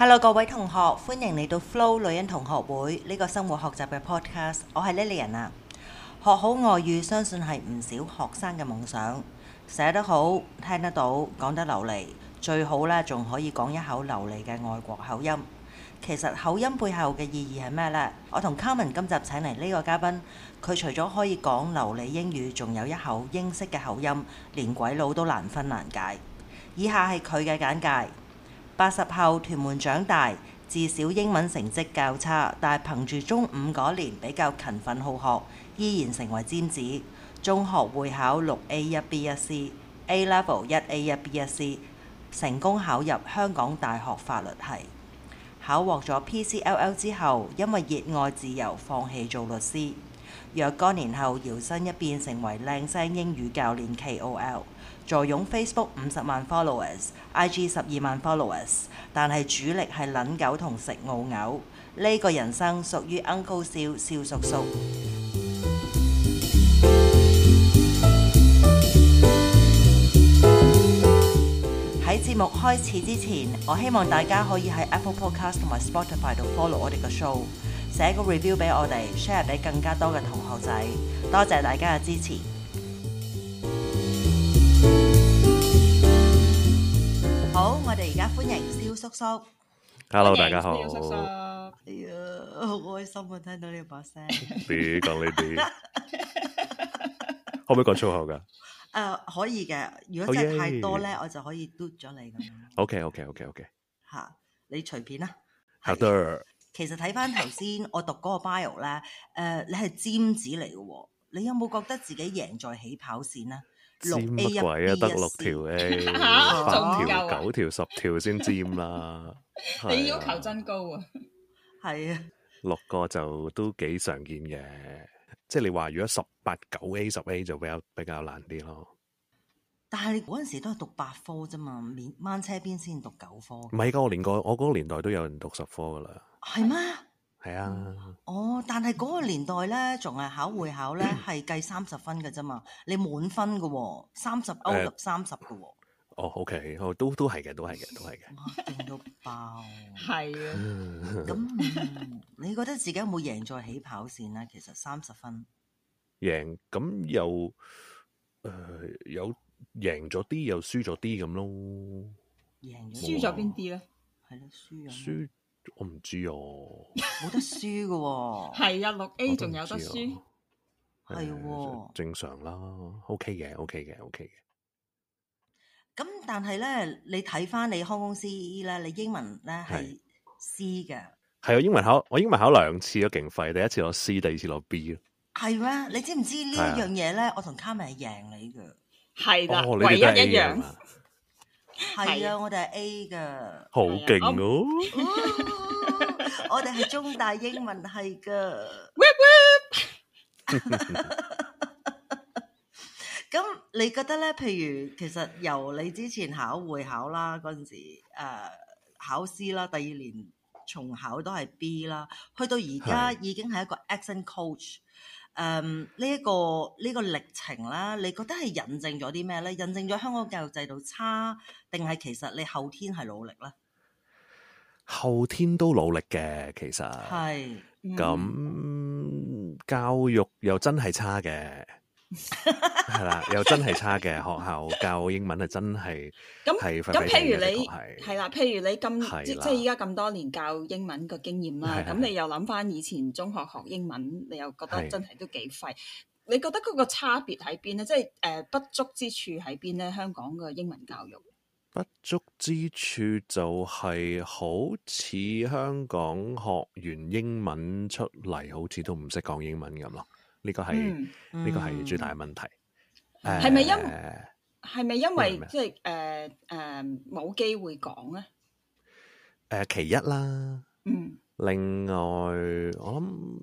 Hello 各位同學，歡迎嚟到 Flo 女人同學會呢個生活學習嘅 podcast，我係 Lillian 啊。學好外語，相信係唔少學生嘅夢想。寫得好，聽得到，講得流利，最好咧仲可以講一口流利嘅外國口音。其實口音背後嘅意義係咩呢？我同卡文今集請嚟呢個嘉賓，佢除咗可以講流利英語，仲有一口英式嘅口音，連鬼佬都難分難解。以下係佢嘅簡介。八十後屯門長大，自少英文成績較差，但憑住中五嗰年比較勤奮好學，依然成為尖子。中學會考六 A 一 B 一 C，A Level 一 A 一 B 一 C，成功考入香港大學法律系。考獲咗 PCLL 之後，因為熱愛自由，放棄做律師。若干年後，搖身一變成為靚聲英語教練 KOL，坐擁 Facebook 五十萬 followers，IG 十二萬 followers，但係主力係撚狗同食澳牛。呢個人生屬於 Uncle Siu 蕭叔叔。喺節目開始之前，我希望大家可以喺 Apple Podcast 同埋 Spotify 度 follow 我哋嘅 show。寫個 review 俾我哋，share 俾更加多嘅同學仔，多謝大家嘅支持。好，我哋而家歡迎蕭叔叔。Hello，大家好。哎呀，好開心啊，聽到你把聲。你講呢啲，可唔可以講粗口噶？誒，可以嘅。如果真係太多咧，我就可以嘟咗你咁樣。OK，OK，OK，OK。吓，你隨便啦。吓得。其實睇翻頭先我讀嗰個 bio 咧、呃，誒，你係尖子嚟嘅，你有冇覺得自己贏在起跑線咧？六 A 一 B 一 C 啊，得六條 A，八條、九條、十條先尖啦。你要求真高啊！係啊，六、啊、個就都幾常見嘅，即係你話如果十八九 A 十 A 就比較比較難啲咯。但係你嗰陣時都係讀八科啫嘛，免，掹車邊先讀九科。唔係噶，我年個我嗰個年代都有人讀十科噶啦。係咩？係、 哦哦、啊。哦，但係嗰個年代咧，仲係考會考咧，係計三十分噶啫嘛。你滿分噶，三十歐入三十噶。哦，OK，都都係嘅，都係嘅，都係嘅。勁、 啊、到爆係啊！咁、 嗯、你覺得自己有冇贏在起跑線咧？其實三十分贏咁又誒有。呃有有贏咗啲又輸咗啲咁咯，贏輸咗邊啲咧？係咯，輸。輸我唔知喎，冇得輸㗎。係啊，六 A 仲有得輸，係正常啦。OK 嘅，OK 嘅，OK 嘅。咁但係咧，你睇翻你康公司咧，你英文咧係 C 嘅，係啊，英文考我英文考兩次啊，勁廢，第一次攞 C，第二次攞 B 咯。係咩？你知唔知呢一樣嘢咧？我同卡米係贏你嘅。係啦，唯一一樣。係啊，我哋係 A 噶，好勁哦！我哋係 中大英文系噶咁 你覺得咧？譬如，其實由你之前考會考啦，嗰陣時誒、啊，考 C 啦，第二年重考都係 B 啦，去到而家的已經係一個 Accent Coach。誒，呢一、um, 這個呢、這個歷程啦，你覺得係印證咗啲咩咧？印證咗香港教育制度差，定係其實你後天係努力咧？後天都努力嘅，其實係咁，教育又真係差嘅。係啦， 又真係差嘅。 學校教英文係真係，咁咁那譬如你係啦，譬如你咁的即係依家咁多年教英文嘅經驗啦，咁的你又諗翻以前中學學英文，你又覺得真係都幾廢。的你覺得嗰個差別喺邊咧？即係誒，不足之處喺邊咧？香港嘅英文教育不足之處就係好似香港學完英文出嚟，好似都唔識講英文咁咯。呢個係呢、嗯、個係最大嘅問題，係咪因係咪、呃、因為麼即係誒誒冇機會講咧？誒、呃，其一啦，嗯，另外我諗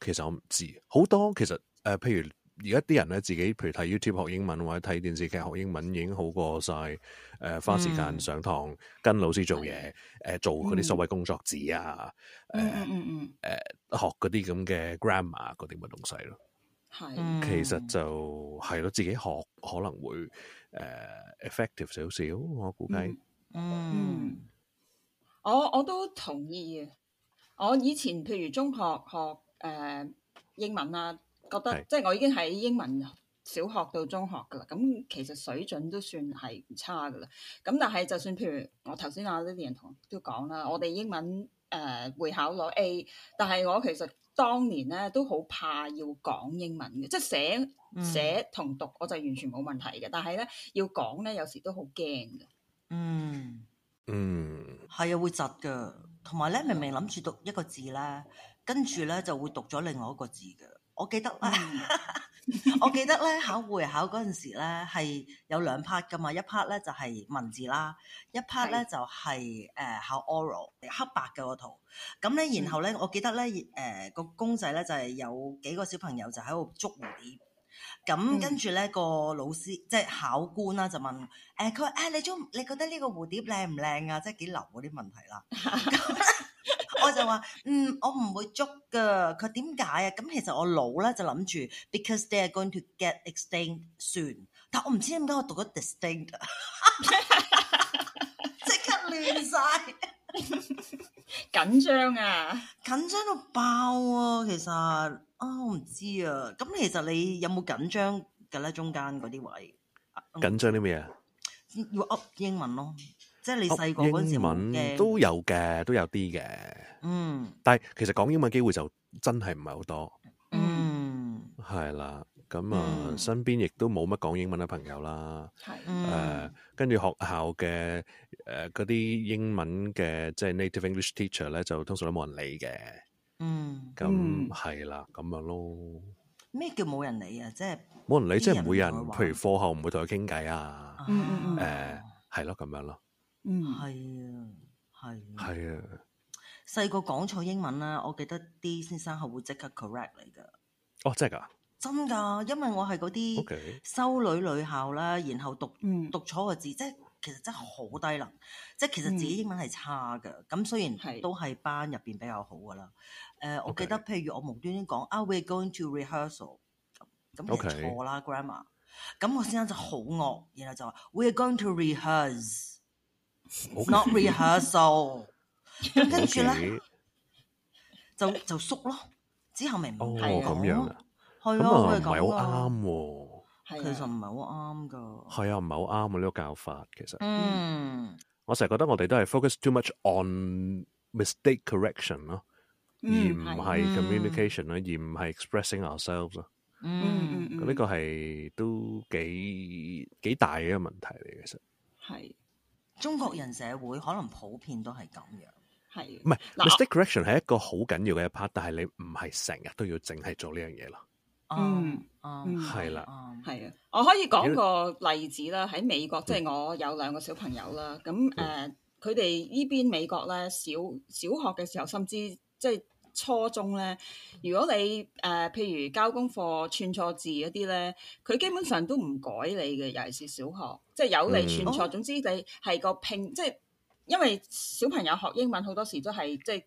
其實我唔知好多，其實誒，譬、呃、如。而家啲人咧，自己譬如睇 YouTube 學英文，或者睇電視劇學英文，已經好過晒。誒、呃、花時間上堂跟老師做嘢，誒、嗯呃、做嗰啲所謂工作紙啊，誒、呃嗯嗯嗯呃、學嗰啲咁嘅 grammar 嗰啲咁嘅東西咯。係是，嗯、其實就係咯，自己學可能會誒、呃、effective 少少，我估計。嗯，嗯，嗯，我我都同意嘅。我以前譬如中學學誒、呃、英文啊。覺得是即係我已經喺英文小學到中學㗎喇，咁其實水準都算係唔差㗎喇。咁但係就算譬如我頭先啊，呢啲人同都講啦，我哋英文誒會、呃、考攞 A，但係我其實當年咧都好怕要講英文嘅，即係寫寫同讀我就完全冇問題嘅。但係咧要講咧，有時都好驚嘅。嗯嗯，係啊，會窒㗎，同埋咧明明諗住讀一個字咧，跟住咧就會讀咗另外一個字嘅。我記得啦，嗯、 我記得咧 考會考嗰陣時咧係有兩 part 噶嘛，一 part 咧就係、是、文字啦，一 part 咧是就係、是、誒、呃、考 oral 黑白嘅個圖。咁咧然後咧，嗯、我記得咧誒個公仔咧就係、是、有幾個小朋友就喺度捉蝴蝶，咁跟住咧、嗯、個老師即係、就是、考官啦就問誒佢話誒你捉你覺得呢個蝴蝶靚唔靚啊？即係幾流嗰啲問題啦。 我就話：嗯，我唔會捉㗎。佢點解啊？咁其實我老咧就諗住，because they are going to get extinct soon，但我唔知點解我讀咗 distinct，即 刻亂晒，緊張啊！緊張到爆啊！其實啊，我唔知啊。咁其實你有冇緊張㗎咧？中間嗰啲位緊張啲咩啊？要噏英文咯。即係你細個嗰時學嘅都有嘅，都有啲嘅。嗯，但係其實講英文嘅機會就真係唔係好多。嗯，係啦，咁啊，身邊亦都冇乜講英文嘅朋友啦。係誒，跟住學校嘅誒嗰啲英文嘅，即係 native English teacher 咧，就通常都冇人理嘅。嗯，咁係啦，咁樣咯。咩叫冇人理啊？即係冇人理，即係冇人，譬如課後唔會同佢傾偈啊。嗯嗯嗯。誒，係咯，咁樣咯。嗯，係、mm hmm. 啊，係，係啊。細個講錯英文啦，我記得啲先生係會即刻 correct 嚟噶。哦、oh,，真係噶？真噶，因為我係嗰啲修女女校啦，然後讀 Okay. 讀錯個字，即係其實真係好低能，即係其實自己英文係差噶。咁、mm hmm. 雖然都係班入邊比較好噶啦。誒是、呃，我記得 Okay. 譬如我無端端講啊，we're going to rehearsal 咁，咁就錯啦 grammar 咁我先生就好惡，然後就話 we're going to rehearse。Not rehearsal，咁跟住咧就就縮咯，之後咪唔係咁咯。咁啊唔係好啱喎，其實唔係好啱噶。係啊，唔係好啱啊，呢個教法其實。嗯，我成日覺得我哋都係 focus too much on mistake correction 咯，而唔係 communication 咯，而唔係 expressing ourselves 啊。嗯嗯嗯。咁呢個係都幾幾大嘅一個問題嚟嘅，其實。係。中國人社會可能普遍都係咁樣，係唔係？mistake correction 係一個好緊要嘅一 part，但係你唔係成日都要淨係做呢樣嘢啦。嗯、um, um,，係啦、um, um,，係啊、um,，我可以講個例子啦。喺美國，即、就、係、是、我有兩個小朋友啦。咁誒、嗯，佢哋呢邊美國咧，小小學嘅時候，甚至即係。就是初中咧，如果你誒、呃、譬如交功課串錯字嗰啲咧，佢基本上都唔改你嘅，尤其是小學，即係有你串錯。嗯哦、總之你係個拼，即係因為小朋友學英文好多時都係即係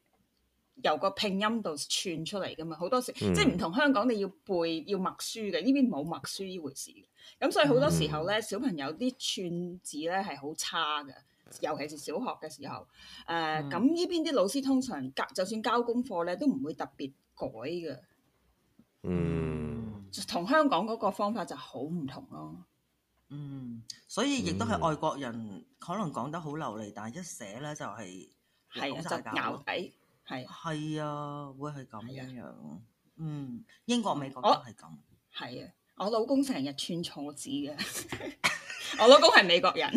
由個拼音度串出嚟㗎嘛，好多時、嗯、即係唔同香港你要背要默書嘅，呢邊冇默書呢回事嘅。咁所以好多時候咧，嗯、小朋友啲串字咧係好差嘅。尤其是小學嘅時候，誒咁呢邊啲老師通常，就算交功課咧，都唔會特別改嘅。嗯，同香港嗰個方法就好唔同咯。嗯，所以亦都係外國人、嗯、可能講得好流利，但係一寫咧就係、是、係啊，就咬底，係係啊，啊會係咁樣樣。啊、嗯，英國、美國都係咁。係啊，我老公成日串錯字嘅，我老公係美國人。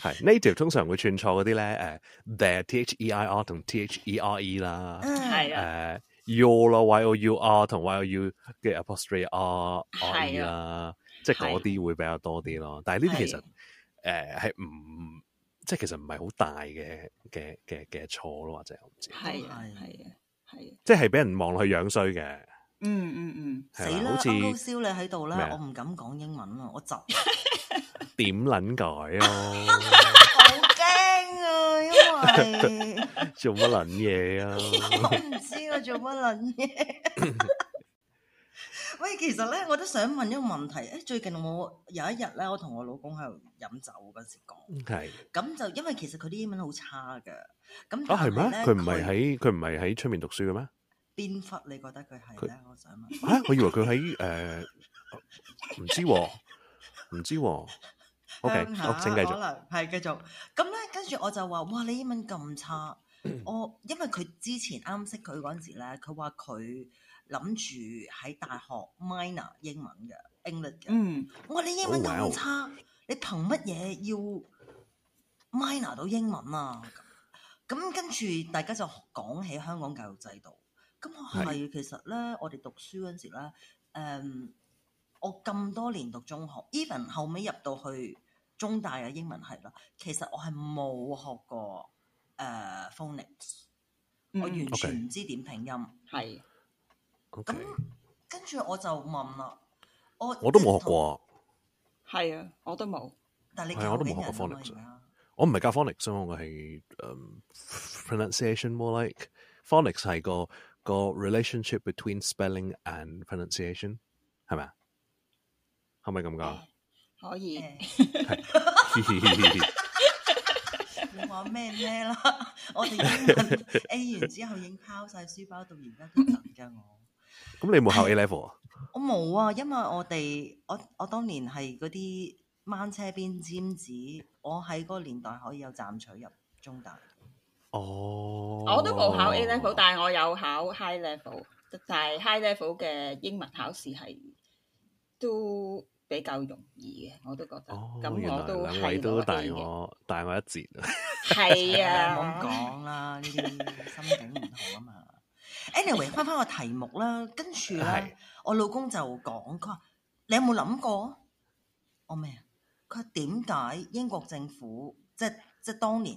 係 native 通常會串錯嗰啲咧，誒 th、er、the t h e i r 同 t h e r e 啦，係啊，誒、uh，your 咯，why o u r 同 why o u 嘅 apostrophe r i 啦，r, r, r, r, e, 啊、即係嗰啲會比較多啲咯。但係呢啲其實誒係唔即係其實唔係好大嘅嘅嘅嘅錯咯，或者唔知係係啊係，即係俾人望落去樣衰嘅。嗯嗯嗯，係啊，好似高燒你喺度啦，我唔敢講英文啊，我就點捻改啊？好驚啊，因為做乜捻嘢啊？我唔知啊做乜捻嘢。喂，其實咧，我都想問一個問題。誒，最近我有一日咧，我同我老公喺度飲酒嗰時講，係咁就因為其實佢啲英文好差㗎。咁啊係咩？佢唔係喺佢唔係喺出面讀書嘅咩？邊忽？你覺得佢係咧？他我想問嚇、啊，我以為佢喺誒，唔、呃、知喎、啊，唔知喎、啊。O K，我整繼續，係繼續。咁咧，跟住我就話，哇！你英文咁差， 我因為佢之前啱識佢嗰陣時咧，佢話佢諗住喺大學 minor 英文嘅 English 嘅。嗯，我話你英文咁差，哇你憑乜嘢要 minor 到英文啊？咁跟住大家就講起香港教育制度。咁我係其實咧，我哋讀書嗰時咧，誒、嗯，我咁多年讀中學，even 後尾入到去中大嘅英文系啦，其實我係冇學過誒、呃、phonics，、嗯、我完全唔 okay, 知點拼音，係。咁、okay, 跟住我就問啦，我我都冇學過，係啊，我都冇。但係你係我都冇學過 phonics，我唔係教 phonics，我係誒、um, pronunciation more like phonics 係個。個 relationship between spelling and pronunciation 係咪啊？可唔可以咁講、欸？可以。你話咩咩啦？我哋 A 完之後已經拋晒書包到而家都唔教我。咁、 嗯、你冇考 A level 啊、欸？我冇啊，因為我哋我我當年係嗰啲掹車邊尖子，我喺嗰個年代可以有暫取入中大。哦，oh，我都冇考 A level，但係我有考 High level，但係 High level 嘅英文考試係都比較容易嘅，我都覺得。哦，oh，樣原來兩位都大我大的我一截 啊！係啊， 唔好講啦，呢啲心境唔同啊嘛。Anyway，翻翻個題目啦，跟住咧，是我老公就講佢話：你有冇諗過？我咩啊？佢話點解英國政府即係、即係、當年？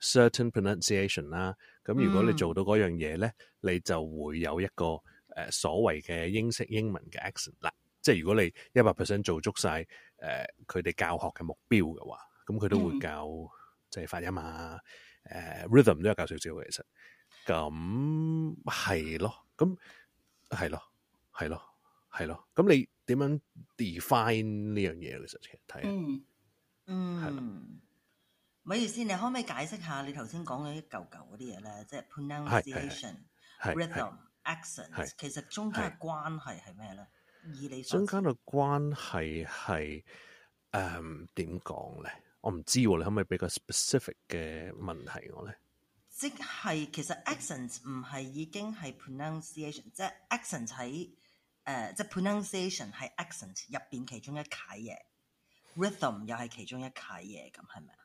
certain pronunciation 啦，咁如果你做到嗰樣嘢咧，你就會有一個誒、呃、所謂嘅英式英文嘅 accent 啦。即係如果你一百 percent 做足晒誒佢哋教學嘅目標嘅話，咁佢都會教、嗯、即係發音啊，誒、呃、rhythm 都有教少少嘅。其實咁係咯，咁係咯，係咯，係咯。咁你點樣 define 呢樣嘢？其實其實睇下，嗯，嗯，係啦。唔好意思，你可唔可以解釋下你頭先講嘅一嚿嚿嗰啲嘢咧？即係 pronunciation、rhythm、accent，是其實中間嘅關係係咩咧？以你所講，中間嘅關係係誒點講咧？我唔知、啊、你可唔可以比較 specific 嘅問題我咧，即係其實 accent 唔係已經係 pronunciation，即係 accent 喺誒即係 pronunciation 係 accent 入邊其中一嚿嘢，rhythm 又係其中一嚿嘢，咁係咪啊？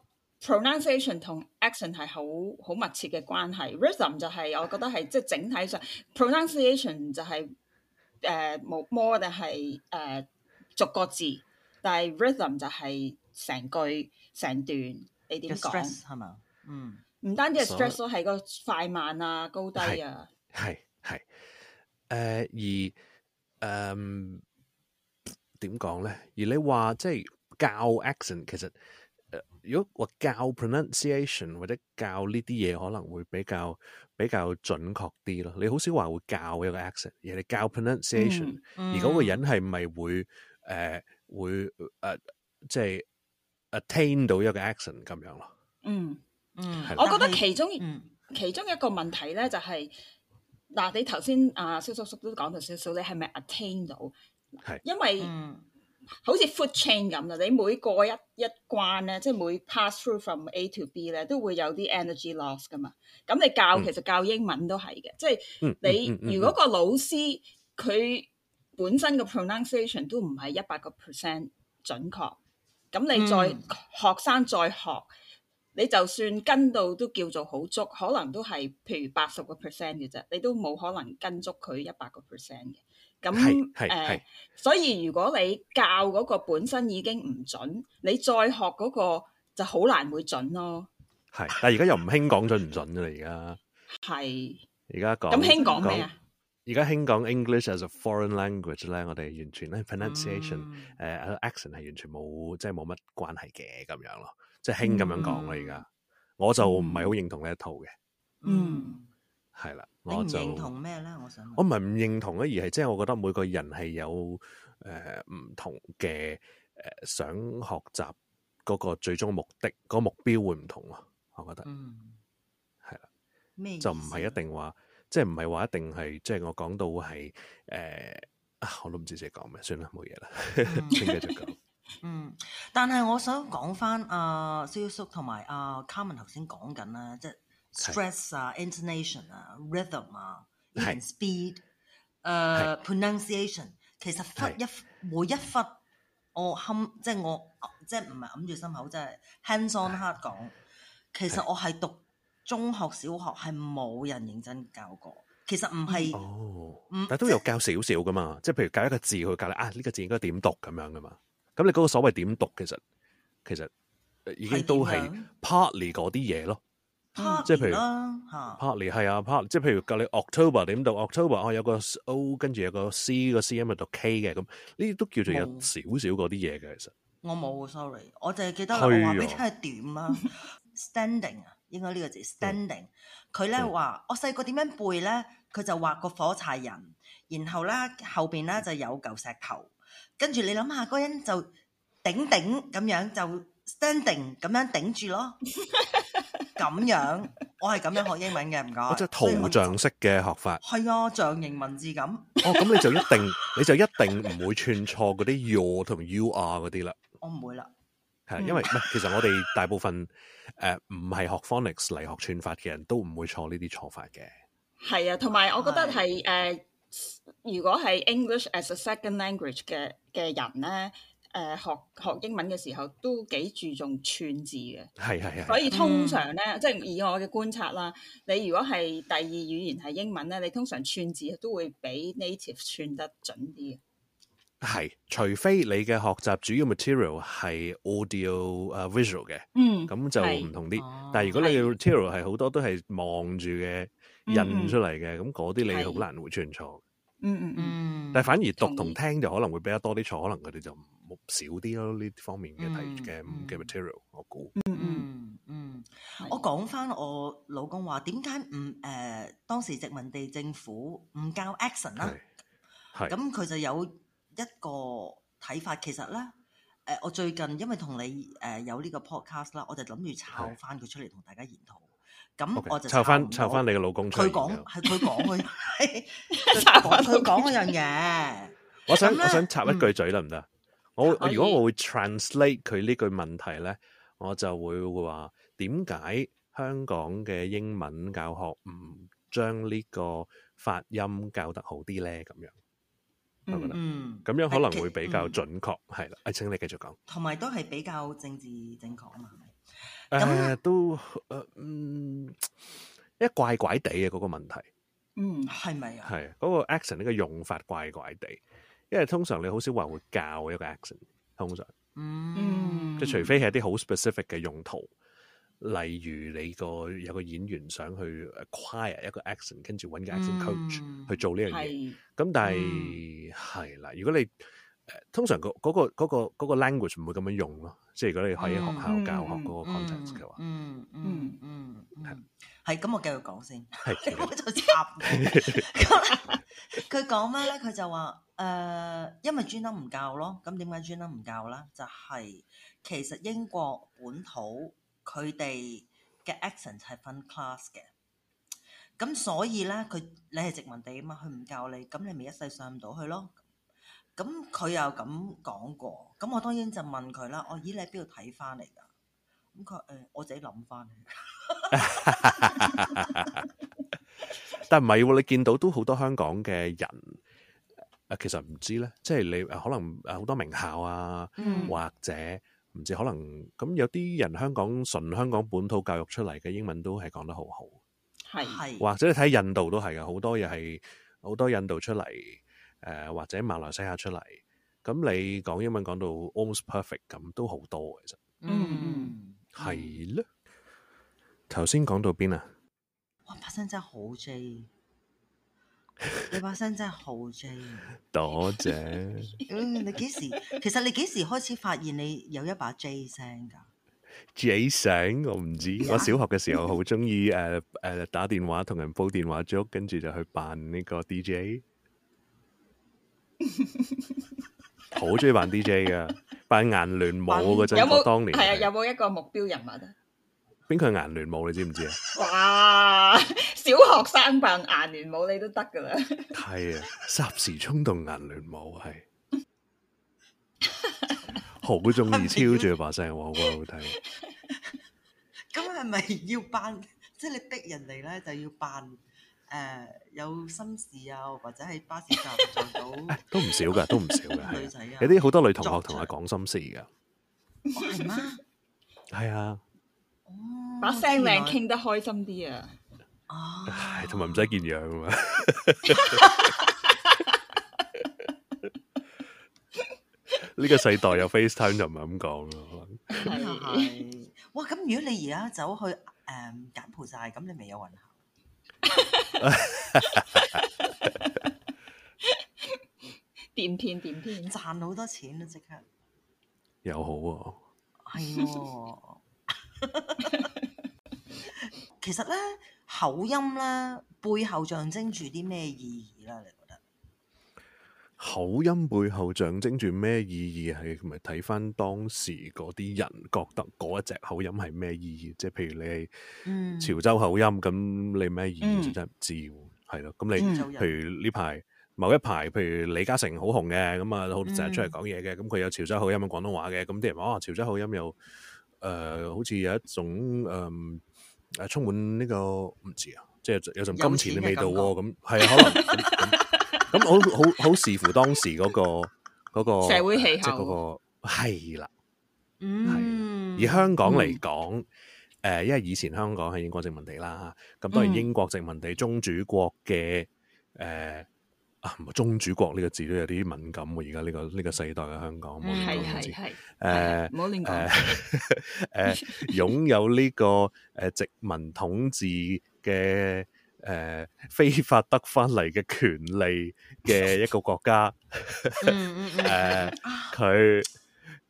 pronunciation 同 accent 係好好密切嘅關係，rhythm 就係我覺得係即係整體上，pronunciation 就係誒 more 定係誒逐個字，但係 rhythm 就係成句成段，你點講係嘛？嗯，唔單止係 stress 咯，係個快慢啊，高低啊，係係誒而誒點講咧？而你話即係教 accent 其實。如果我教 pronunciation 或者教呢啲嘢，可能會比較比較準確啲咯。你好少話會教一個 accent 而你教 pronunciation，、嗯嗯、而嗰個人係咪會誒、呃、會誒、呃、即係 attain 到一個 accent 咁樣咯、嗯？嗯嗯，的我覺得其中、嗯、其中一個問題咧就係、是，嗱你頭先阿蕭叔叔都講到少少，你係咪 attain 到？係是因為。嗯好似 food chain 咁啦，你每個一一關咧，即係每 pass through from A to B 咧，都會有啲 energy loss 噶嘛。咁你教其實教英文都係嘅，嗯、即係你如果個老師佢本身個 pronunciation 都唔係一百個 percent 準確，咁你再、嗯、學生再學，你就算跟到都叫做好足，可能都係譬如八十個 percent 嘅啫，你都冇可能跟足佢一百個 percent 嘅。咁誒，所以如果你教嗰個本身已經唔準，你再學嗰個就好難會準咯。係，但係而家又唔興是講準唔準啦，而家係而家講咁興講咩啊？而家興講 English as a foreign language 咧，我哋完全咧 pronunciation 誒 accent 係完全冇即係冇乜關係嘅咁樣咯，即係興咁樣講啦。而家、mm. 我就唔係好認同呢一套嘅。嗯、mm.，係啦。你唔認同咩咧？我想我唔係唔認同咧，而係即係我覺得每個人係有誒唔、呃、同嘅誒、呃、想學習嗰個最終目的，嗰、那個目標會唔同啊？我覺得嗯係啦，咩的就唔係一定話，即係唔係話一定係，即、就、係、是、我講到係誒、呃、啊，我都唔知自己講咩，算啦，冇嘢啦，繼續講。 說嗯，但係我想講翻阿蕭叔同埋阿 Carmen 頭先講緊啦。即係。stress 啊，intonation 啊，rhythm 啊，even speed，誒、uh，pronunciation，是其實一每一忽我冚、嗯，即係我即係唔係揞住心口，即係 hands on heart 講，是其實我係讀中學、小學係冇人認真教過，其實唔係，哦，嗯、但係都有教少少噶嘛，即係譬如教一個字，佢教你啊呢、這個字應該點讀咁樣噶嘛，咁你嗰個所謂點讀，其實其實已經都係 partly 嗰啲嘢咯。嗯、即係譬如，啦吓、啊、，part 係啊 part，ly, 即係譬如隔離 October, 你 October 點讀 October，哦有個 O 跟住有個 C 個 C 音咪讀 K 嘅咁，呢啲都叫做有少少嗰啲嘢嘅其實。我冇，sorry，我就係記得、哦、我話俾你聽係點啊，standing 啊， standing, 應該呢個字 standing，佢咧話我細個點樣背咧，佢就畫個火柴人，然後咧後邊咧就有嚿石頭，跟住你諗下嗰人就頂頂咁樣就 standing 咁樣頂住咯。 咁樣，我係咁樣學英文嘅，唔該。我即係圖像式嘅學法。係啊，象形文字咁。哦，咁你就一定，你就一定唔會串錯嗰啲 your 同埋 you are 嗰啲啦。我唔會啦。係，因為唔係，其實我哋大部分誒唔係學 phonics 嚟學串法嘅人都唔會錯呢啲錯法嘅。係啊，同埋我覺得係誒，如果係 English as a second language 嘅嘅人咧。誒、呃、學學英文嘅時候都幾注重串字嘅，係係係。所以通常咧，嗯、即係以我嘅觀察啦，你如果係第二語言係英文咧，你通常串字都會比 native 串得準啲。係，除非你嘅學習主要 material 係 audio、uh, visual 嘅，嗯，咁就唔同啲。啊、但係如果你嘅 material 係好多都係望住嘅印出嚟嘅，咁嗰啲你好難會串錯。嗯嗯嗯，嗯但係反而讀同聽就可能會比較多啲錯，可能佢哋就冇少啲咯，呢方面嘅題嘅嘅 material，我估。嗯我猜 嗯嗯，嗯我講翻我老公話，點解唔誒當時殖民地政府唔教 accent 啦？係。咁佢就有一個睇法，其實咧，誒、呃，我最近因為同你誒、呃、有呢個 podcast 啦，我就諗住抄翻佢出嚟同大家研討。咁我就插翻插翻你個老公，佢講係佢講佢，講佢講嗰樣嘢。我想我想插一句嘴啦，得唔得？我我如果我會 translate 佢呢句問題咧，我就會話：點解香港嘅英文教學唔將呢個發音教得好啲咧？咁樣，嗯，咁樣可能會比較準確係啦。啊，請你繼續講，同埋都係比較政治正確啊嘛。誒、呃，都誒、呃，嗯，一、欸、怪怪地嘅嗰個問題，嗯，係咪啊？係嗰、那個 accent 呢個用法怪怪地，因為通常你好少話會教一個 accent 通常，嗯，即係除非係一啲好 specific 嘅用途，例如你個有個演員想去 acquire 一個 accent 跟住揾個 accent coach、嗯、去做呢樣嘢，咁是但係係、嗯、啦，如果你通常嗰嗰個嗰個嗰個 language 唔會咁樣用咯，即係如果你可以學校教學嗰個 content 嘅話，嗯嗯嗯，係係，咁我繼續講先，我就插佢講咩咧？佢就話誒，因為專登唔教咯，咁點解專登唔教咧？就係其實英國本土佢哋嘅 accent 係分 class 嘅，咁所以咧，佢你係殖民地啊嘛，佢唔教你，咁你咪一世上唔到去咯。咁佢又咁講過，咁我當然就問佢啦。我咦，你喺邊度睇返嚟㗎？咁佢誒，我自己諗返。但唔係喎，你見到都好多香港嘅人啊，其實唔知咧，即係你可能誒好多名校啊，或者唔知可能咁有啲人，香港純香港本土教育出嚟嘅英文都係講得好好。係係，或者你睇印度都係嘅，好多嘢係好多印度出嚟。誒、uh, 或者馬來西亞出嚟，咁你講英文講到 almost perfect，咁都好多其實，嗯，係、嗯、啦。頭先的講到邊啊？哇！把聲真係好 J， 你把聲真係好 J。多謝。 你幾時其實你幾時開始發現你有一把 J 聲㗎？J 聲我唔知，Yeah? 我小學嘅時候好中意誒誒打電話同人煲電話粥，跟住就去扮呢個 DJ。好中意扮 DJ 噶，扮顏聯武嗰陣我當年係啊，有冇一個目標人物啊？邊個顏聯武你知唔知啊？ 哇，小學生扮顏聯武你都得噶啦，係 啊、 嗯，霎時衝動顏聯武係， 好中意超住把聲，我好睇。咁係咪要扮？即係你逼人嚟咧，就要扮。誒，有心事啊，或者喺巴士站坐到，都唔少噶，都唔少噶，有啲好多女同學同我講心事噶，係嘛？係啊，哦，把聲靚，傾得開心啲啊，哦，同埋唔使見樣啊嘛，呢個世代有 FaceTime 就唔係咁講咯，係哇？咁如果你而家走去誒柬埔寨，咁你未有運行？哈哈哈！哈哈哈！電騙，電騙，賺好多錢啦，即刻又好啊，係哦，是哦 其實咧口音咧背後象徵住啲咩意義啦？口音背後象徵住咩意義？係咪睇翻當時嗰啲人覺得嗰一隻口音係咩意義？即係譬如你係潮州口音，咁、嗯、你咩意義就真係唔知係咯？咁、嗯、你、嗯、譬如呢排某一排，譬如李嘉誠好紅嘅，咁啊好成日出嚟講嘢嘅，咁佢、嗯、有潮州口音嘅廣東話嘅，咁啲人話、啊、潮州口音又誒、呃、好似有一種誒、呃啊、充滿呢、這個唔知啊，即係有種金錢嘅味道喎。咁係啊，可能。 咁好好好視乎當時嗰個嗰個，即係嗰個係啦，社會氣候、嗯，而香港嚟講，誒、嗯，因為以前香港係英國殖民地啦，咁當然英國殖民地宗主國嘅誒、呃、啊，唔係，宗主國呢個字都有啲敏感喎、啊，而家呢個呢、呢個世代嘅香港冇呢個字，冇唔好亂講，呃、擁有呢個誒殖民統治嘅。誒、呃，非法得翻嚟嘅權利嘅一個國家，嗯誒，佢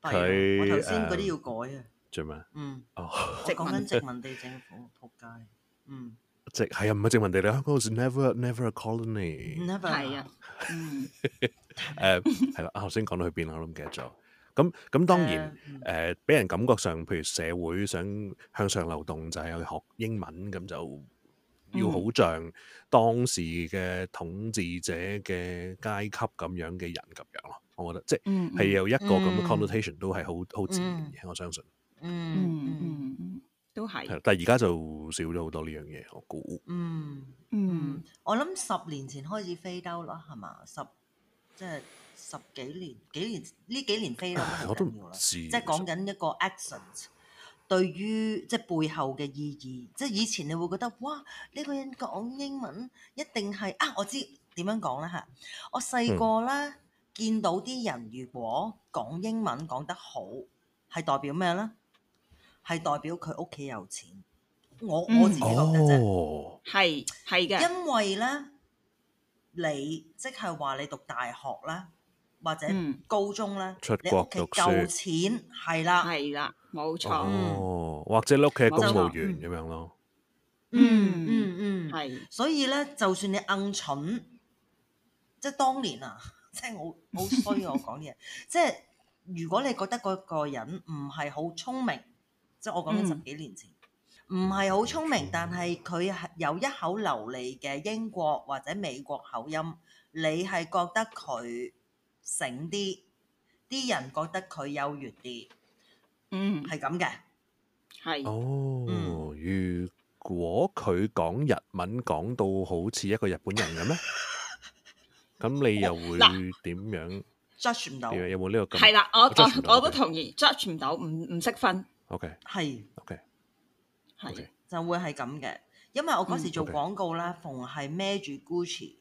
佢，我頭先嗰啲要改啊，做咩？嗯，呃 oh, 哦， 即係講緊殖民地政府仆街，嗯，即係啊，唔係殖民地，你香港是 never never a colony，係、 uh, 啊，嗯，誒、 啊，係啦，頭先講到去邊啦，我都唔記得咗，咁咁當然，誒，俾人感覺上，譬如社會想向上流動，就係、是、學英文，咁就。要好像當時嘅統治者嘅階級咁樣嘅人咁樣咯，我覺得、嗯、即係有一個咁嘅 connotation、嗯、都係好好自然嘅，我相信。嗯，嗯，嗯都係。但係而家就少咗好多呢樣嘢，我估。嗯嗯，我諗十年前開始飛兜啦，係嘛？十即係十幾年，幾年呢幾年飛兜唉我都好重要啦，即係講緊一個 accent、嗯。對於即係背後嘅意義，即係以前你會覺得哇，呢、呢個人講英文一定係啊！我知點樣講啦嚇。我細個咧見到啲人如果講英文講得好，係代表咩咧？係代表佢屋企有錢。我、嗯、我自己覺得啫、哦，係係嘅。因為咧，你即係話你讀大學啦，或者高中啦，出國讀書，你屋企，夠錢係啦，係啦。冇錯，錯哦，或者你屋企係公務員咁、嗯、樣咯。嗯嗯嗯，係、嗯。嗯、是所以咧，就算你硬蠢，即係當年啊，即係 我好衰，我講嘢。即係如果你覺得嗰個人唔係好聰明，嗯、即係我講緊十幾年前，唔係好聰明，嗯、但係佢係有一口流利嘅英國或者美國口音，你係覺得佢醒啲，啲人覺得佢優越啲。嗯，係咁嘅，係。哦，如果佢講日文講到好似一個日本人咁咧，咁你又會點樣？judge 唔到？有冇呢個？係啦，我我我都同意 judge 唔到，唔唔識分。OK，係。OK，係就會係咁嘅，因為我嗰時做廣告啦，逢係孭住 Gucci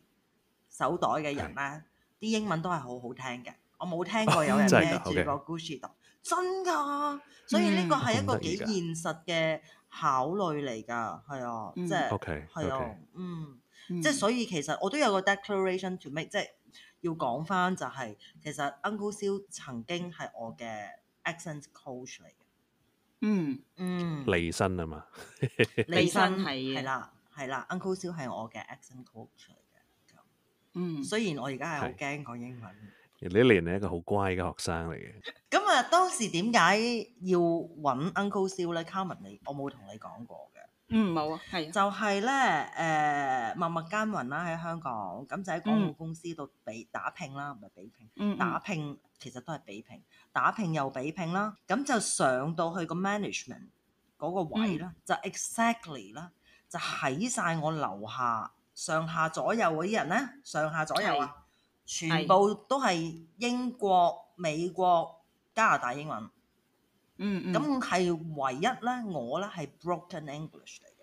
手袋嘅人咧，啲英文都係好好聽嘅，我冇聽過有人孭住個 Gucci 袋。真噶，所以呢個係一個幾現實嘅考慮嚟㗎，係啊，即係，OK，係啊，嗯，即係所以其實我都有個 declaration to make，即係要講返就係其實 Uncle Siu 曾經係我嘅 accent coach 嚟嘅，嗯嗯，離身啊嘛，離身係係啦係啦，Uncle Siu 係我嘅 accent coach 嚟嘅咁，嗯，雖然我而家係好驚講英文，李連係一個好乖嘅學生嚟嘅。啊！當時點解要揾 Uncle Siu 咧？Carmen 你我冇同你講過嘅，嗯冇啊，係就係呢、呃，默默耕耘啦，喺香港咁就喺廣告公司度比、嗯、打拼啦，唔係比拼，嗯嗯打拼其實都係比拼，打拼又比拼啦。咁就上到去個 management 嗰個位啦、嗯 exactly，就 exactly 啦，就喺晒我樓下上下左右嗰啲人呢，上下左右啊，是全部都係英國、美國、加拿大英文，嗯嗯，咁係唯一咧，我咧係 broken English 嚟嘅。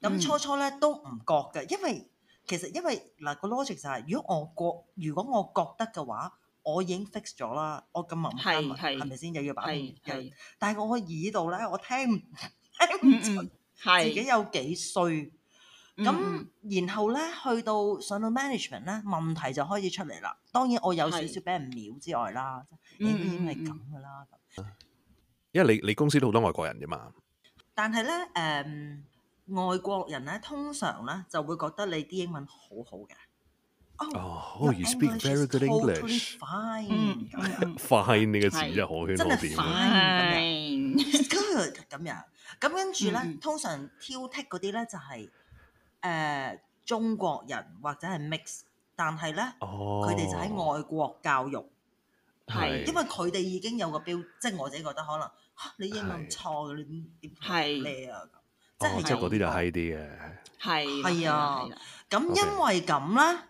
咁、嗯、初初咧都唔覺嘅，因為其實因為嗱、那個 logic 就係、是，如果我覺如果我覺得嘅話，我已經 fix 咗啦，我咁又唔啱，係咪先又要擺？係但係我個耳度咧，我聽唔聽唔係是 自己有幾衰。咁，嗯、然後咧，去到上到 management 咧，問題就開始出嚟啦。當然，我有少少俾人秒之外啦，當然係咁噶啦。因為，因為你你公司都好多外國人啫嘛。但係咧，誒、呃，外國人咧，通常咧就會覺得你啲英文好好嘅。哦 Oh, you speak very good English. Fine，咁樣的，fine 呢個詞就好，真係 fine 咁樣，咁樣，咁跟住咧，通常挑剔嗰啲咧就係、是。誒、uh, 中國人或者係 mix，但係咧，佢哋就喺外國教育係，是因為佢哋已經有個標，即係我自己覺得可能、啊、你英文錯嘅，是你點點咩啊？是即係是、哦、即啲就 high 啲嘅係係啊。咁因為咁咧，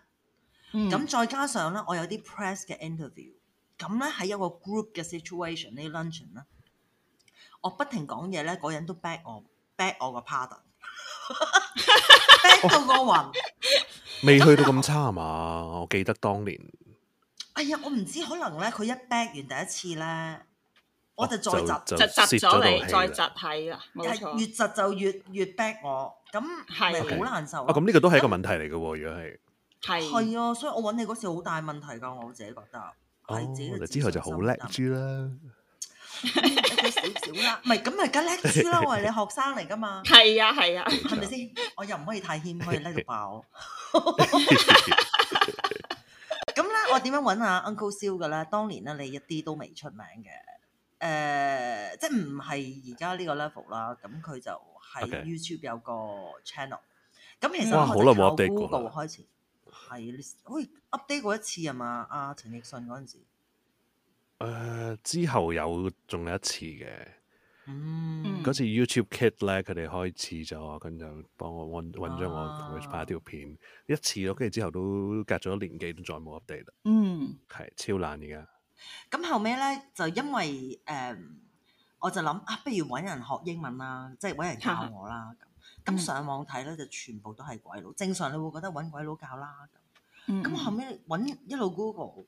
咁 Okay. 再加上咧，我有啲 press 嘅 interview，咁咧喺、嗯、一個 group 嘅 situation，呢 luncheon 啦，我不停講嘢咧，嗰人都 back 我 back 我個 partner。我的我的 part 到個雲，未、哦、去到咁差係嘛？我記得當年，哎呀，我唔知可能咧，佢一 back 完第一次咧，我就再窒、哦、就窒咗你，再窒係啦，冇、啊、越窒就越越 back 我，咁係咪好難受啊！咁呢個都係一個問題嚟嘅，如果係係係啊，所以我揾你嗰時好大問題噶，我自己覺得，係、oh, 自之後就好叻豬啦。對對，嗯、有少少啦，唔係咁咪梗叻師啦，我係你學生嚟噶嘛？係啊係啊，係咪先？我又唔可以太謙，可以叻到爆。咁咧，我點樣搵阿 Uncle 蕭嘅咧？當年咧，你一啲都未出名嘅，誒、bueno,，即係唔係而家呢個 level 啦。咁佢就喺 YouTube 有個 channel。咁其實我好耐冇 update 過。係，好似 update 過一次啊嘛，阿陳奕迅嗰陣時。誒、呃、之後有仲有一次嘅，嗰、嗯、次 YouTube Kit 咧，佢哋開始咗，跟住幫我揾揾咗我，同佢拍條片一次咯。跟住之後都隔咗年幾，都再冇 update 啦。嗯，係超難而家。咁後尾咧就因為誒、呃，我就諗啊，不如揾人學英文啦，即係揾人教我啦。咁咁、嗯、上網睇咧就全部都係鬼佬，嗯、正常你會覺得揾鬼佬教啦。咁咁後尾，揾一路 Google。嗯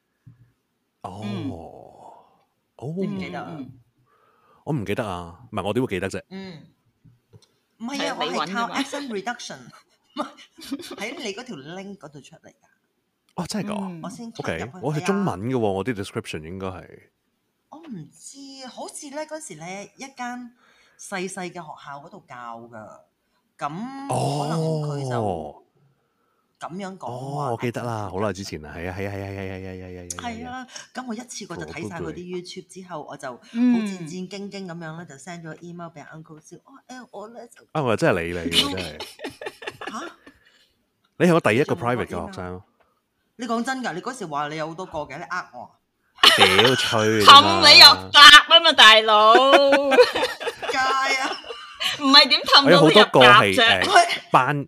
哦，我唔、嗯哦、記得，我唔記得啊，唔係我點會記得啫，唔係啊，是我係靠 accent reduction，喺 你嗰條 link 嗰度出嚟噶，哦，真係噶，我先，O K，我係中文嘅喎，我啲 description 應該係，我唔知，好似咧嗰時咧一間細細嘅學校嗰度教噶，咁可能佢就。哦咁樣講啊！我記得啦，好耐之前啦，係啊，係啊，係啊，係啊，係啊，係啊，係啊。係啊，咁我一次過就睇晒嗰啲 YouTube 之後，我就好戰戰兢兢咁樣咧，就 send 咗 email 俾 Uncle Siu。哇！哎呀，我咧啊，我真係你嚟嘅，真係。吓？你係我第一個 private 嘅學生咯？你講真噶？你嗰時話你有好多個嘅？你呃我啊？屌吹！氹你入閘啊嘛，大佬！街啊！唔係點氹到你入閘啫？班。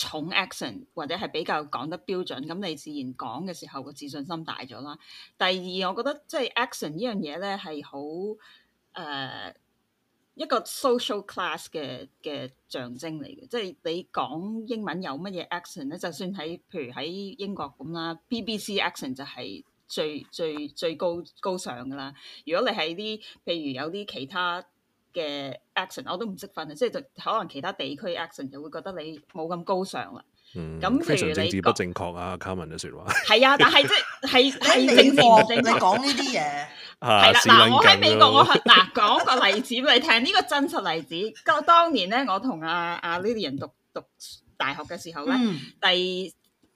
重 accent 或者係比較講得標準，咁你自然講嘅時候個自信心大咗啦。第二，我覺得即係 accent 呢樣嘢咧係好誒一個 social class 嘅嘅象徵嚟嘅，即係你講英文有乜嘢 accent 咧？就算喺譬如喺英國咁啦，BBC accent 就係最最最高高尚噶啦。如果你係啲譬如有啲其他。嘅 action 我都唔識分啊，即係就可能其他地區 action 就會覺得你冇咁高尚啦。嗯，咁非常政治不正確啊，卡文嘅説話。係 啊，但係即係係政治正正，講呢啲嘢係啦。嗱，我喺美國，我嗱講個例子 畀你聽，呢個真實例子。當年咧，我同阿阿 Lillian 讀,讀大學嘅時候咧，嗯、第。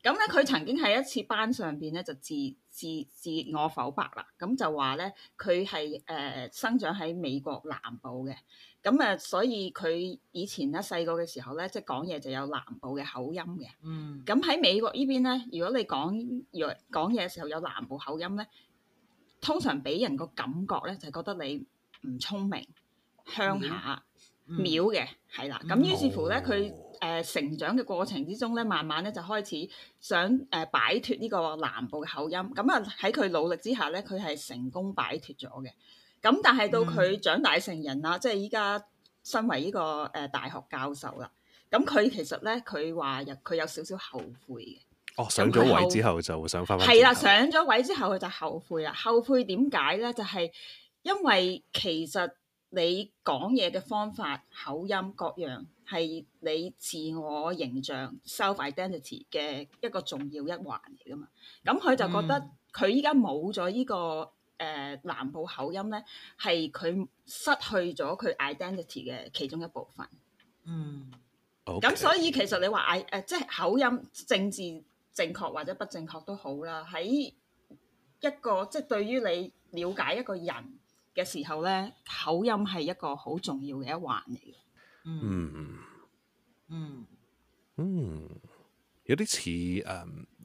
咁咧，佢曾經喺一次班上邊咧，就自自自我否白啦。咁就話咧，佢係誒生長喺美國南部嘅。咁啊，所以佢以前咧細個嘅時候咧，即係講嘢就有南部嘅口音嘅。嗯。咁喺美國呢邊咧，如果你講若講嘢嘅時候有南部口音咧，通常俾人個感覺咧就係覺得你唔聰明、鄉下、廟嘅、嗯，係、嗯、啦。咁於是乎咧，佢、哦。誒、呃、成長嘅過程之中咧，慢慢咧就開始想誒擺、呃、脫呢個南部嘅口音。咁啊喺佢努力之下咧，佢係成功擺脫咗嘅。咁但係到佢長大成人啦，嗯、即係依家身為呢、這個誒、呃、大學教授啦。咁、嗯、佢其實咧，佢話佢有少少後悔嘅。哦，上咗位之後就想翻翻。係啦，上咗位之後佢就後悔啦。後悔點解咧？就係、是、因為其實。你講嘢嘅方法、口音各樣，係你自我形象 （self identity） 嘅一個重要一環嚟噶嘛？咁佢就覺得佢依家冇咗呢個誒、嗯呃、南部口音咧，係佢失去咗佢 identity 嘅其中一部分。嗯，好。咁所以其實你話誒、呃，即係口音政治正確或者不正確都好啦。喺一個即係對於你了解一個人嘅時候咧，口音係一個好重要嘅一環嚟嘅。嗯嗯嗯，有啲似誒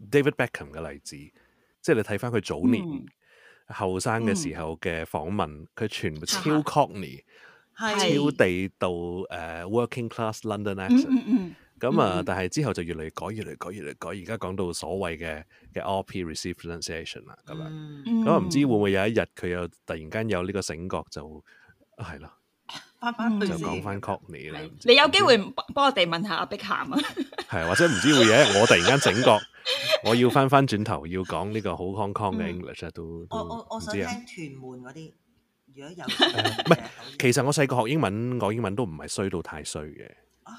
David Beckham 嘅例子，即係你睇翻佢早年後生嘅時候嘅訪問，佢、嗯、全部超 cockney 超地道誒、uh, working class London accent，嗯。嗯嗯嗯咁啊！但係之後就越嚟改，越嚟改，越嚟改。而家講到所謂嘅嘅 RP received pronunciation 啦，咁樣咁唔知會唔會有一日佢又突然間有呢個醒覺，就係咯，就講翻 cockney 啦。你有機會幫我哋問下阿碧咸啊？係或者唔知會嘢？我突然間醒覺，我要翻翻轉頭要講呢個好 Hong Kong 嘅 English 都我我我知啊？屯門嗰啲，如果有唔係，其實我細個學英文，講英文都唔係衰到太衰嘅。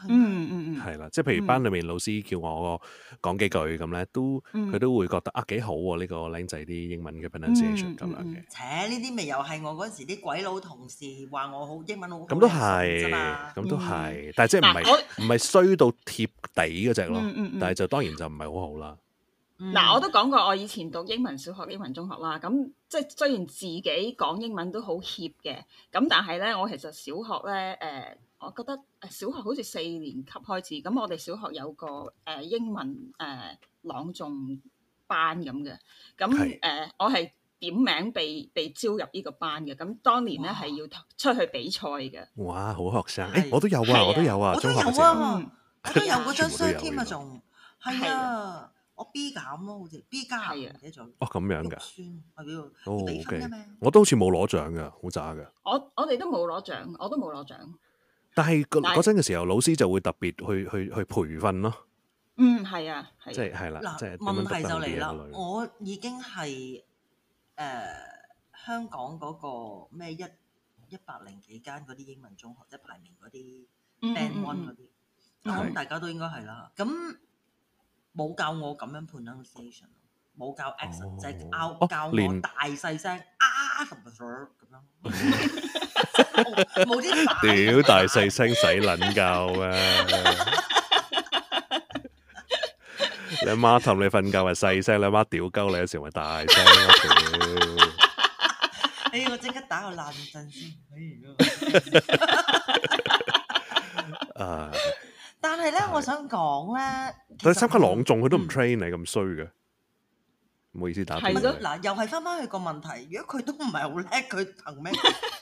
嗯嗯嗯，係啦，即係、mm hmm. 譬如班裏面老師叫我講幾句咁咧，都佢都會覺得啊幾好喎、啊、呢、這個僆仔啲英文嘅 pronunciation 咁樣嘅。誒，呢啲咪又係我嗰時啲鬼佬同事話我好英文好，咁都係，咁都係，嗯、但係即係唔係唔係衰到貼地嗰隻咯，嗯嗯嗯、但係就當然就唔係好好啦。嗱、嗯嗯啊，我都講過我以前讀英文小學、英文中學啦，咁即係雖然自己講英文都好怯嘅，咁但係咧，我其實小學咧誒。呃呃嗯嗯我覺得誒，小學好似四年級開始，咁我哋小學有個誒英文誒朗誦班咁嘅，咁誒我係點名被被招入呢個班嘅，咁當年咧係要出去比賽嘅。哇，好學生！誒，我都有啊，我都有啊，我都有啊，我都有嗰張相添啊，仲係啊，我 B 減咯，好似 B 加唔記得咗。哦，咁樣噶。我哦，我。OK。我都好似冇攞獎嘅，好渣嘅。我我哋都冇攞獎，我都冇攞獎。但係嗰嗰陣嘅時候，老師就會特別去去去培訓咯。嗯，係啊，即係係啦。嗱，問題就嚟啦，我已經係誒香港嗰個咩一一百零幾間嗰啲英文中學，即係排名嗰啲，band one 嗰啲，我諗大家都應該係啦。咁冇教我咁樣判 pronunciation，冇教 accent，就係教我大細聲。阿 SamSir 咁樣，冇啲。屌大細聲使撚教咩？你阿媽氹你瞓覺咪細聲，你阿媽屌鳩你有時咪大聲。屌！哎，我即刻打個爛陣先。啊！但係咧，我想講咧，佢三級朗誦，佢都唔 train 你咁衰嘅。唔好意思打字。嗱，又係翻翻去個問題，如果佢都唔係好叻，佢憑咩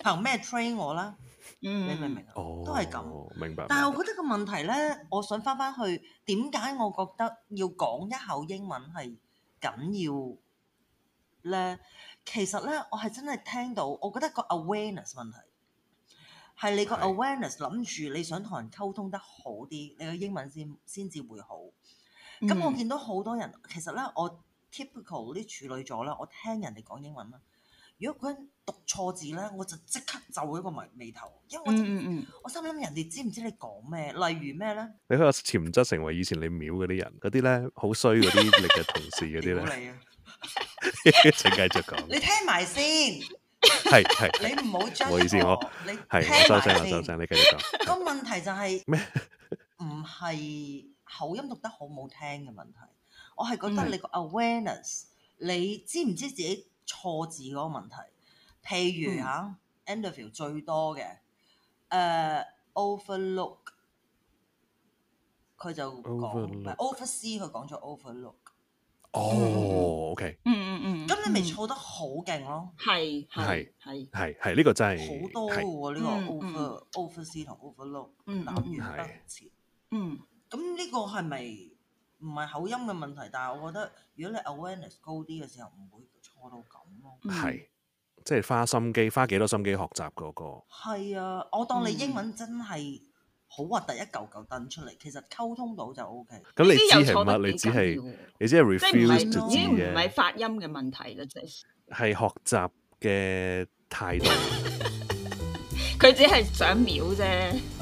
憑咩 train 我啦？嗯，你明唔明啊？哦，都係咁，明白。但係我覺得個問題咧，我想翻翻去點解我覺得要講一口英文係緊要咧？其實咧，我係真係聽到，我覺得個 awareness 問題係你個 awareness 諗住你想同人溝通得好啲，你個英文先先至會好。咁我見到好多人，其實咧我。Typical 啲處女座啦，我聽人哋講英文啦。如果佢讀錯字咧，我就即刻皺一個眉眉頭，因為我我心諗人哋知唔知你講咩？例如咩咧？你可以潛質成為以前你藐嗰啲人，嗰啲咧好衰嗰啲你嘅同事嗰啲咧。請繼續講。你聽埋先，係係。你唔好將唔好意思，我你收聲，收聲，你繼續講。個問題就係咩？唔係口音讀得好唔好聽嘅問題。我係覺得你個 awareness，你知唔知自己錯字嗰個問題？譬如嚇，interview 最多嘅，誒 overlook，佢就講唔係 oversight 佢講咗 overlook。哦，OK。嗯嗯嗯。咁你咪錯得好勁咯。係係係係係，呢個真係好多喎！呢個 oversight 同 overlook，攬住筆字。嗯，咁呢個係咪？唔係口音嘅問題，但係我覺得如果你 awareness 高啲嘅時候，唔會錯到咁咯。係、嗯，即係花心機，花幾多心機學習嗰、嗰個。係啊，我當你英文真係好核突，嗯、一嚿嚿掟出嚟，其實溝通到就 O、OK、K。咁、嗯、你知，你知係乜？你只係你只係 refuse to 已經唔係發音嘅問題啦，真係。係學習嘅態度。佢 只係想秒啫。